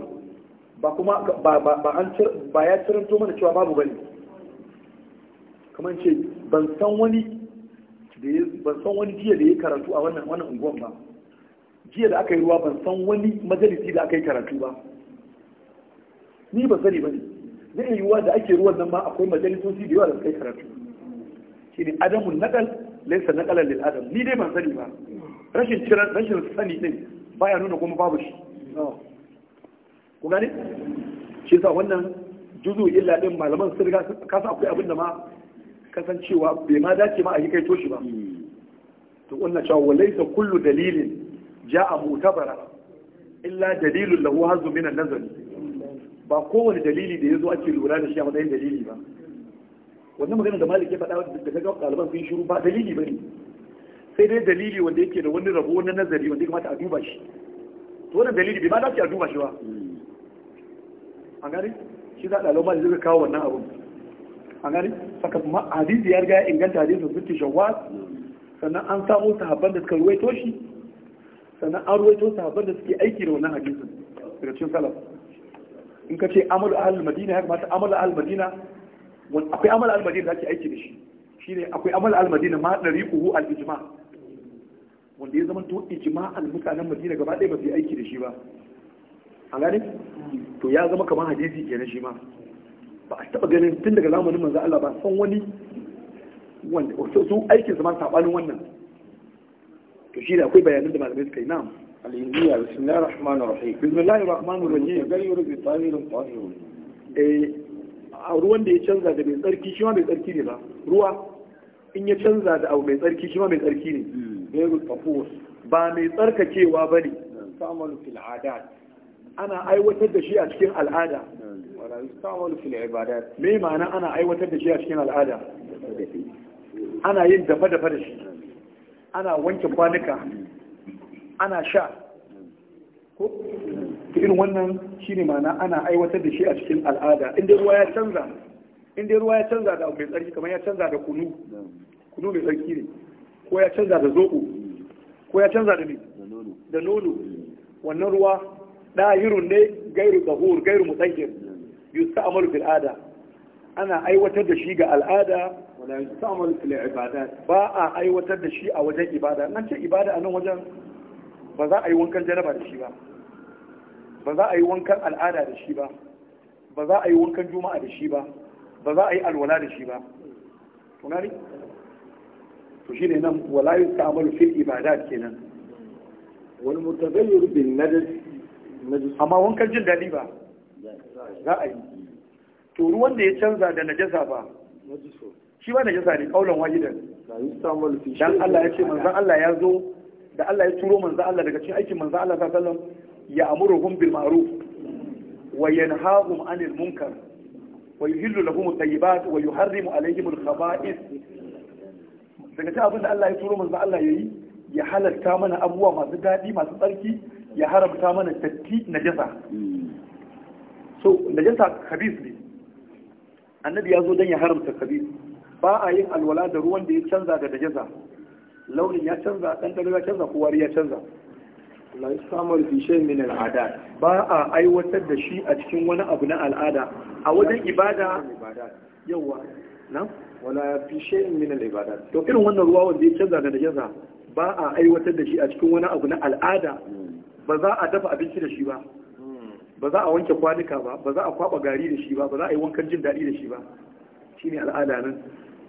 ba kuma ba an ba ya ciranto mana cewa babu bane kamar ce ban san wani da ya ban san wani jiya da ya karatu a wannan wannan unguwan ba jiya da aka yi ruwa ban san wani majalisi da aka yi karatu ba ni ba sani ne. zai yiwuwa da ake ruwan nan ma akwai majalisoci da yawa da kai karatu shi ne adamun nakal laisa nakalan lil adam ni dai ban sani ba rashin ciran rashin sani din baya nuna kuma babu shi ku gane shi yasa wannan juzu illa din malaman sun riga kasa akwai abin da ma kasancewa bai ma dace ma a yi kai toshi ba to wannan cewa laisa kullu dalilin ja'a mu'tabara illa dalilun lahu hazu minan nazari ba kowane dalili da ya zo ake lura da shi a matsayin dalili ba wannan magana da malik ya faɗa da kaga ɗaliban sun shiru ba dalili ba ne sai dai dalili wanda yake da wani rabo wani nazari wanda ya kamata a duba shi to wannan dalili bai ma dace a duba shi ba an gani shi za a ɗaliban malik zai kawo wannan abu an gani saka hadisi ya riga ya inganta hadisin sun shawwal sannan an samu sahabban da suka ruwaito shi sannan an ruwaito sahabban da suke aiki da wannan hadisin daga cikin salaf in ka ce amal al madina ya kamata amal al madina akwai amal al madina za ki aiki da shi shine akwai amal al madina ma uku al ijma wanda ya zama to a mutanen madina gaba ɗaya ba su yi aiki da shi ba A gane to ya zama kamar hadisi kenan shi ma ba a taɓa ganin tun daga zamanin manzo Allah ba san wani wanda su aikin su ma saɓanin wannan to shi da akwai bayanan da malamai suka yi na'am الإنجيل بسم الله الرحمن الرحيم بسم الله الرحمن الرحيم تغير بطاهر طاهر ruwan da ya canza da mai tsarki shi ma mai tsarki ne ba ruwa in ya canza da abu mai tsarki shi ma mai tsarki ne hmm. gairu tafus ba mai tsarkakewa ba ne samalu fil adat ana aiwatar da shi a cikin al'ada hmm. wala samalu fil me ma'ana ana aiwatar da shi a cikin al'ada ana yin dafa dafa da shi ana wanke kwanuka ana sha ko irin wannan ne ma'ana ana aiwatar da shi a cikin al'ada inda ruwa ya canza inda ruwa ya canza da mai tsarki kamar ya canza da kunu kunu mai tsarki ne ko ya canza da zoɓo ko ya canza da da nono wannan ruwa ɗahirun ne gairu tahur gairu mutahhir yusta'malu fil ada ana aiwatar da shi ga al'ada wala yusta'malu fil ibadat ba a aiwatar da shi a wajen ibada nan ce ibada a nan wajen ba za a yi wankan janaba da shi ba ba za a yi wankan al'ada da shi ba ba za a yi wankan juma'a da shi ba ba za a yi alwala da shi ba tunani to ne nan wala yusta'malu fil ibadat kenan wal mutaghayyir bin najas amma wankan jin dadi ba za a yi to ruwan da ya canza da najasa ba shi ba najasa ne kaulan wajidan dan Allah ya ce manzan Allah ya zo da Allah ya turo manzo Allah daga cikin aikin manzo Allah sallallahu alaihi wasallam ya amuruhum bil ma'ruf wa yanhahum 'anil munkar wa yuhillu lahum at-tayyibat wa yuharrimu 'alayhim al-khaba'ith daga cikin abin da Allah ya turo manzo Allah yayi ya halarta mana abubuwa masu dadi, masu tsarki ya haramta mana datti najasa so najasa khabith ne annabi ya zo don ya haramta khabith ba a yin alwala da ruwan da ya canza da najasa launin ya canza ɗanɗano ya canza ko wari ya canza la samar fi shay min al'ada ba a aiwatar da shi a cikin wani abu na al'ada a wajen ibada yawa na wala fi shay min al'ibada to irin wannan ruwa wanda ya canza da najasa ba a aiwatar da shi a cikin wani abu na al'ada ba za a dafa abinci da shi ba ba za a wanke kwanuka ba ba za a kwaba gari da shi ba ba za a yi wankan jin daɗi da shi ba shine al'ada nan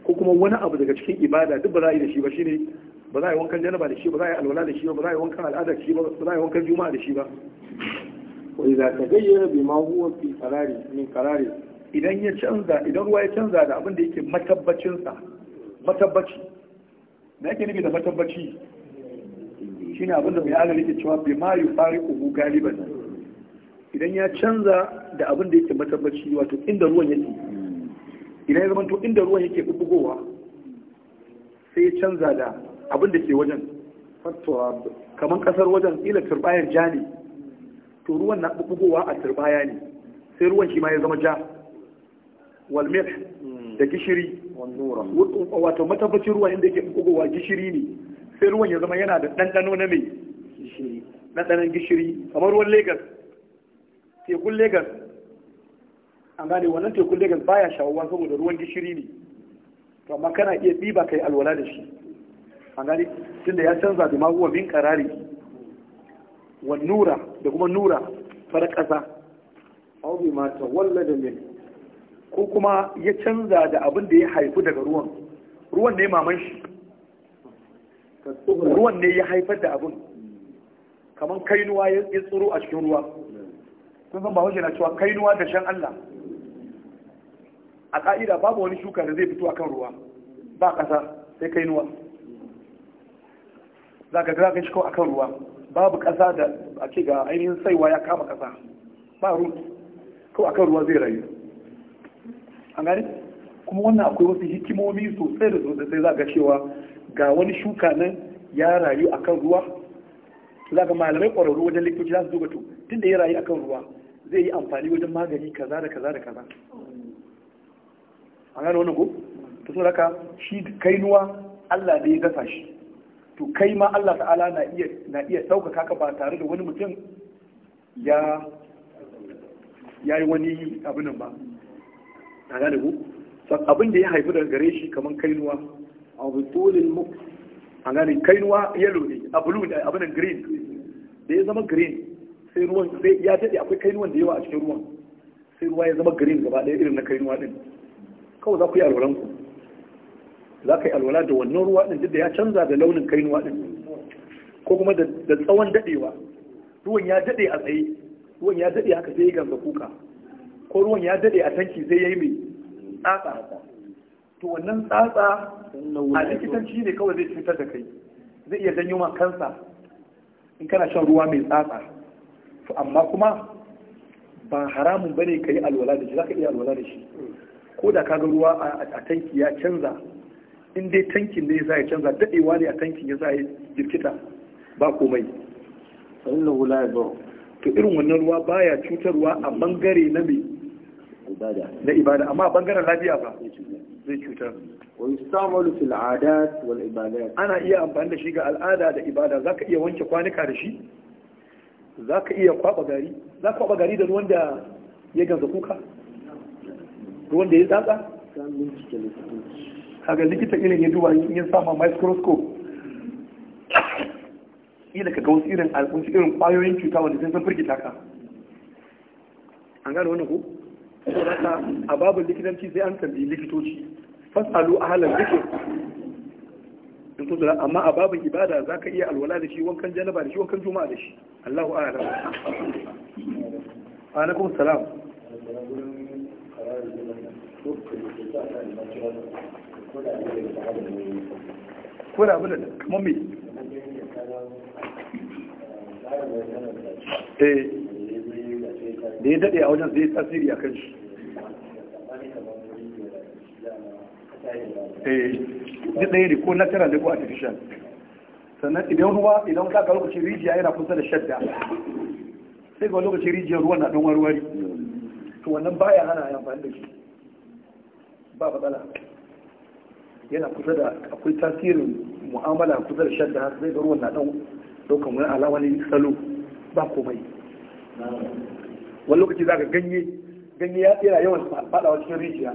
ko kuma wani abu daga cikin ibada duk ba za a yi da shi ba shine ba za a yi wankan janaba da shi ba za a yi alwala da shi ba ba za a yi wankan al'ada da shi ba ba za a yi wankan juma'a da shi ba wa idza tagayyara ma huwa fi qarari min qarari idan ya canza idan ruwa ya canza da abin da yake matabbacin sa matabbaci me yake nufi da matabbaci shine abin da mai alal yake cewa bima yufariquhu galiban idan ya canza da abin da yake matabbaci wato inda ruwan yake idan ya zama to inda ruwan yake bugowa sai ya canza da abin da ke wajen kamar kasar wajen ila turbayar ja ne to ruwan na bugowa a turbaya ne sai ruwan shi ma ya zama ja walmir hmm. da gishiri wato matabbacin ruwan inda yake bugowa gishiri ne sai ruwan ya zama yana da ɗanɗano na mai ɗanɗanon gishiri kamar ruwan Legas, tekun Legas. an gane wannan tekun Legas baya shawarwa saboda ruwan gishiri ne to amma kana iya ɗiba kai alwala da shi an gane tunda ya canza da maguwa min karari wa nura da kuma nura fara ƙasa aw bi walla da min ko kuma ya canza da abin da ya haifu daga ruwan ruwan ne maman shi ruwan ne ya haifar da abin kamar kainuwa ya tsiro a cikin ruwa hmm. kun san ba wajen na cewa kainuwa da shan Allah a ƙa'ida, babu wani shuka da zai fito akan ruwa ba ƙasa sai kai nuwa za ka ga shi kawai akan ruwa babu ƙasa da a ce ga ainihin saiwa ya kama ƙasa ba root kawai akan ruwa zai rayu an gani kuma wannan akwai wasu hikimomi sosai da sosai sai za ga cewa ga wani shuka nan ya rayu akan ruwa za ga malamai ƙwararru wajen likitoci za su duba to tun da ya rayu akan ruwa zai yi amfani wajen magani kaza da kaza da kaza an gane wani ko to sun raka shi kainuwa Allah ne ya dasa shi to kai ma Allah ta'ala na iya na iya ka ba tare da wani mutum ya ya yi wani abin ba Ta gane ku abin da ya haifi daga gare shi kamar kainuwa a butulin mu a gane kainuwa yellow ne a blue ne abin green da ya zama green sai ruwan sai ya daɗe akwai kainuwan da yawa a cikin ruwan sai ruwa ya zama green gaba daya irin na kainuwa ɗin kawai za ku yi alwalan ku za ka yi alwala da wannan ruwa din duk da ya canza da launin ruwa ɗin ko kuma da tsawon daɗewa ruwan ya daɗe a tsaye ruwan ya daɗe haka sai ya gamba kuka ko ruwan ya daɗe a tanki sai ya yi mai tsatsa to wannan tsatsa a likitanci ne kawai zai cutar da kai zai iya janyo ma kansa in kana shan ruwa mai tsatsa To amma kuma ba haramun bane ka yi alwala da shi za ka iya alwala da shi ko da kaga ruwa a tanki ya canza in dai tankin ne za ya canza daɗewa ne a tankin ya za ya jirkita ba komai to irin wannan ruwa baya cutarwa a bangare na mai na ibada amma a bangaren lafiya ba zai cutar ana iya amfani da shi ga al'ada da ibada Za ka iya wanke kwanuka da shi Za ka iya kwaba gari ka kwaba gari da ruwan da ya ganza kuka to wanda ya tsatsa kaga likita irin ya duba in ya sama microscope ila ka ga wasu irin alƙunci irin ƙwayoyin cuta wanda sai sun firgita ka an gane wannan ko saboda a babin likitanci sai an tambayi likitoci fasalu a halar zikir in to amma a babin ibada za ka iya alwala da shi wankan janaba da shi wankan juma'a da shi Allahu a'lam alaikum salam ko da abu da kamar me eh, da ya daɗe a wajen zai tasiri a kan shi eh, da ɗaya ne ko natural ne ko artificial sannan idan ruwa idan ka ga lokacin rijiya yana kusa da shadda sai ga lokacin rijiyar ruwan na ɗan to wannan baya hana amfani da shi ba matsala yana kusa da akwai tasirin mu'amala kusa da shadda har zai ga na dan daukan wani alama ne salo ba komai wani lokaci za ka ganye ganye ya tsira yawan fadawa cikin rijiya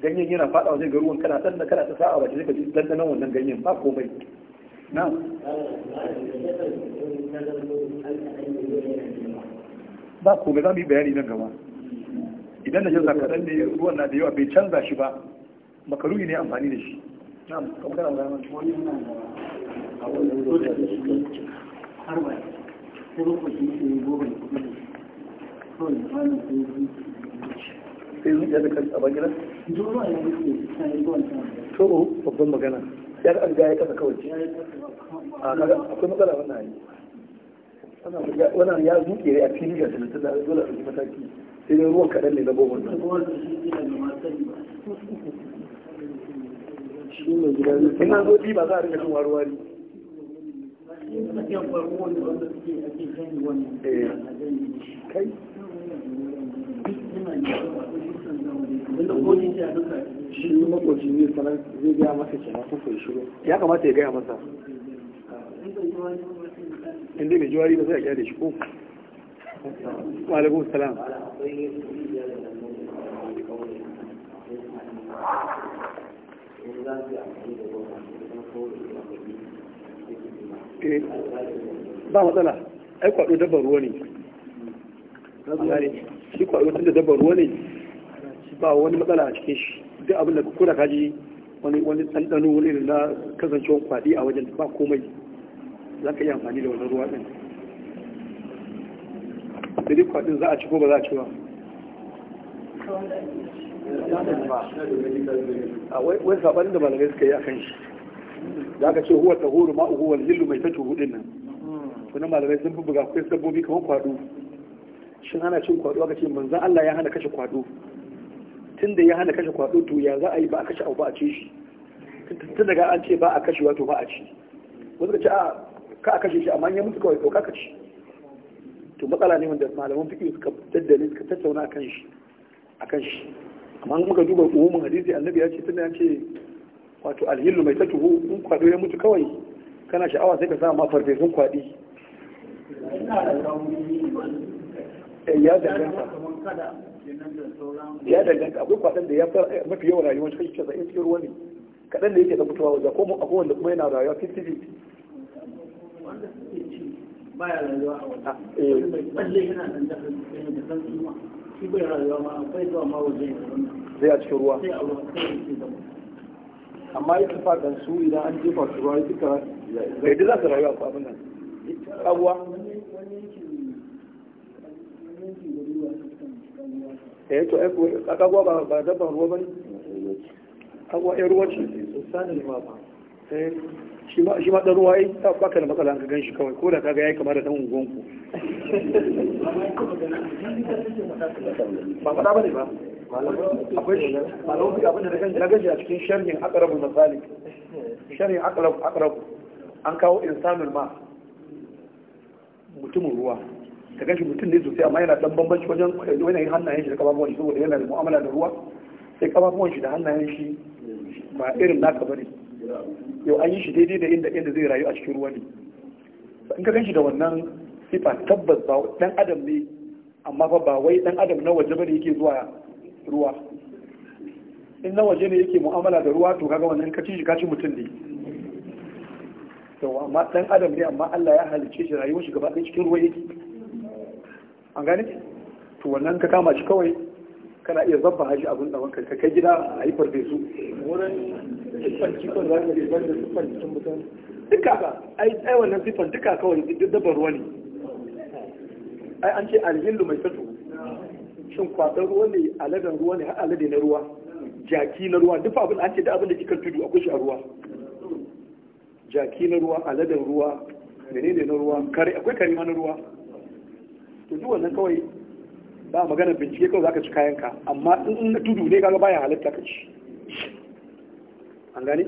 ganyen yana fadawa zai ga kana dan da kana ta sa'a ba zai ka ji dandanan wannan ganyen ba komai ba komai za mu yi bayani nan gaba idan da jaza kaɗan ne ruwan na da yawa bai canza shi ba makaruhi ne amfani da shi ya ga ya kasa kawai a kaga akwai matsala wannan ya zuke a fili da dole a mataki sai dai ruwan kaɗan ne na bohol nan ina zo ba za a rika eh. a gyara shi ko wa alaikum eh, ba matsala ai kwado dabar ruwa ne shi kwado tun da dabar ruwa ne ba wani matsala a cikin shi duk abin da kuna kaji wani wani ɗanɗano wani na kasancewar kwadi a wajen ba komai za ka yi amfani da wani ruwa ɗin sirif din za a ci ko ba za a ci ba wani sabanin da malamai suka yi a kanshi shi da aka ce huwa ta horo ma huwa wal mai tatu hudin nan kuna malamai sun buga kai sabbobi kamar kwado shin ana cin kwado aka ce manzan Allah ya hana kashe kwado da ya hana kashe kwado to ya za a yi ba a kashe abu ba a ci shi tun daga an ce ba a kashe wato ba a ci wanda ka ce a ka a kashe shi amma ya mutu kawai to ka ci to matsala ne wanda malaman fiqh suka daddare suka tattauna akan shi akan shi amma in muka duba umumin hadisi annabi ya ce tunda ya ce wato alhillu mai tatuhu in kwado ya mutu kawai kana sha'awa sai ka sa ma farfesun kwadi eh, ya danganta ya danganta akwai kwadon da ya mafi yawan rayuwar shi kashi in cikin ruwa ne kaɗan da yake da mutuwa wajen akwai wanda kuma yana rayuwa 50 baya rayuwa a wata eh. balle yana nan da kan kuma shi bai rayuwa ma akwai zuwa ma waje zai a cikin ruwa amma ya idan an jefa su ruwa bai za su rayuwa ko abin nan abuwa eh to ruwa bane agwa eh. ruwa ce sanin ma eh. shi ma shi ma dan ruwa yayi baka da matsala ka ganshi kawai ko da kaga yi kama da dan ungon ku ba fada bane ba akwai malamu abin da kan gaji a cikin sharhin aqrabul masalik sharhin aqrab an kawo insanul ma mutumin ruwa ka shi mutum ne sosai amma yana dan bambanci wajen yanayin hannayen shi da kafafuwan shi saboda yana da mu'amala da ruwa sai kafafuwan shi da hannayen shi ba irin naka bane yau an yi shi daidai da inda inda zai rayu a cikin ruwa ne in ka ganshi da wannan sifa tabbas ba dan adam ne amma fa ba wai dan adam na waje bane yake zuwa ruwa in na waje ne yake mu'amala da ruwa to kaga wannan kaci shi kaci mutum ne to amma dan adam ne amma Allah ya halice shi rayuwar shi gaba ɗaya cikin ruwa yake an gane to wannan ka kama shi kawai kana iya zabba haji abin da wanka kai gida a yi farfesu wurin siffar kifin za ka da siffar jikin mutum duka ka ai ai wannan siffar duka kawai duk dabbar ruwa ne ai an ce alhillu mai sato shin kwaɗan ruwa ne aladan ruwa ne har alade na ruwa jaki na ruwa duk abin an ce da abin da kika tudu akwai shi a ruwa jaki na ruwa aladan ruwa menene na ruwa kare akwai kare ma na ruwa to duk wannan kawai ba magana bincike kawai za ka ci kayan ka amma in na tudu ne kaga bayan halitta ka ci an gani?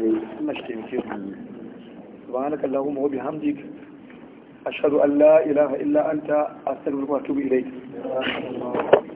ina eh, shi taimake mu subhanaka allahumma wa bihamdik ashhadu an la ilaha illa anta astaghfiruka wa atubu ilayk